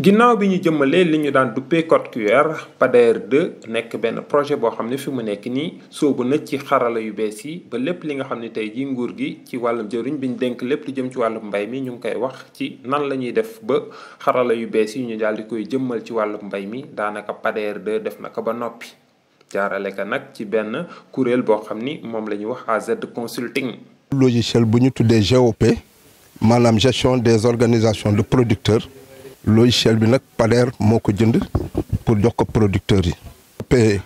ginnaaw bi ñu jëmmalee li ñu daan duppee code QR Pader 2 nekk benn projet boo xam ne fi mu nekk nii soobu na ci xarala yu bees yi ba lépp li nga xam ne tey jii nguur gi ci wàll jëriñ bi ñu denk lépp lu jëm ci wàllum mbay mi ñu ngi koy wax ci nan la ñuy def ba xarala yu bees yi ñu daal di koy jëmmal ci wàllum mbay mi daanaka Pader 2 def na ko ba noppi jaarale ka nag ci benn kuréel boo xam ni moom la ñuy wax AZ Consulting. logiciel bu ñu tuddee GOP maanaam gestion des organisations de producteurs. logiciel bi nag Pader moo ko jënd pour jox ko producteurs yi. paye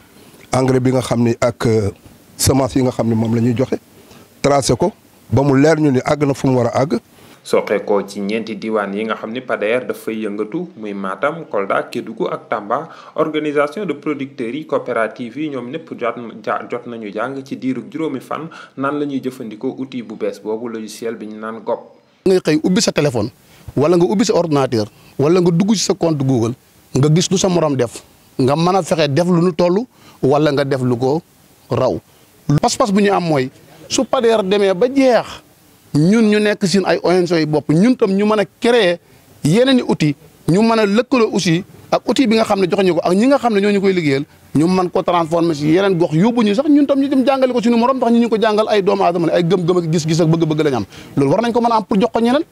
engrais bi nga xam ni ak euh, semence yi nga xam ni moom la ñuy joxe tracé ko ba mu leer ñu ni àgg na fu mu war a àgg. soqeekoo ci ñeenti diwaan yi nga xam ni Pader dafay yëngatu muy Matam Kolda ko ak Tamba organisation de producteurs yi coopérative yi ñoom ñëpp jot nañu jàng ci diiru juróomi fan nan la ñuy jëfandikoo uti bu bees boobu logiciel bi ñu naan GOP. ngay xëy ubbi sa téléphone. wala nga ubbi sa ordinateur wala nga dugg si sa compte Google nga gis lu sa morom def nga mën a fexe def lu nu toll wala nga def lu ko raw. pas-pas bu ñu am mooy su Pader demee ba jeex ñun ñu nekk sin ay ONG yi bopp ñun tam ñu mën a créer yeneen i outils ñu mën a lëkkaloo aussi ak outil bi nga xam ne jox ñu ko ak ñi nga xam ne ñoo ñu koy liggéeyal ñu mën ko transformer si yeneen gox yóbbu ñu sax ñun tam ñu jàngale ko suñu morom ndax ñu ñu a pour jox ko ñeneen.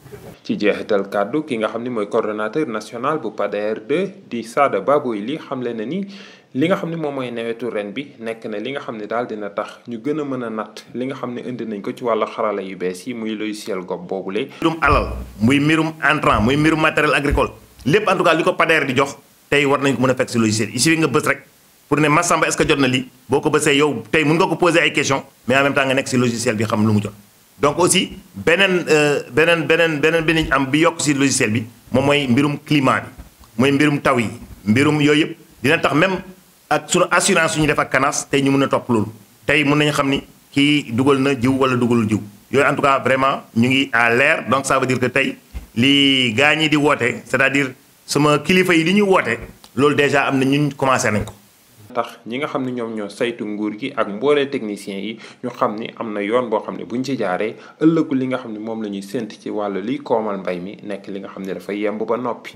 ci jeexital kàddu ki nga xam ni mooy coordonnateur national bu PADER 2 di Sada Baboy xamle na ni. li nga xam ne moom mooy nawetu ren bi nekk na li nga xam ne daal dina tax ñu gën a mën a natt li nga xam ne indi nañ ko ci wàllu xarala yu bees yi muy logiciel gopp boobu mbirum alal muy mbirum intrant muy mbirum matériel agricole lépp en tout cas li ko PADER di jox tey war nañ ko mën a fekk si logiciel yi si nga bës rek pour ne Massamba est jot na boo ko bësee tey mën nga ko poser ay questions mais en bi xam lu mu donc aussi beneen euh, beneen beneen beneen bi ñu am bi yokk si logiciel bi moom mooy mbirum climat bi mooy mbirum taw yi mbirum yooyu yëpp dina tax même ak sunu assurance suñu def ak CANAS tey ñu mun a topp loolu tey mun nañu xam ni kii dugal na jiw wala dugalul jiw yooyu en tout cas vraiment ñu ngi à l'air donc ça dire que tey li gaa ñi di woote c'est-à-dire sama kilifa yi li ñuy woote loolu déjà am na ñun commencé nañ ko tax ñi nga xam ne ñoom ñoo saytu nguur gi ak mboolee techniciens yi ñu xam ni am na yoon boo xam ne bu ñu ci jaaree ëllëgu li nga xam ne moom la ñuy sént ci wàll liy koomal mbay mi nekk li nga xam ne dafa yemb ba noppi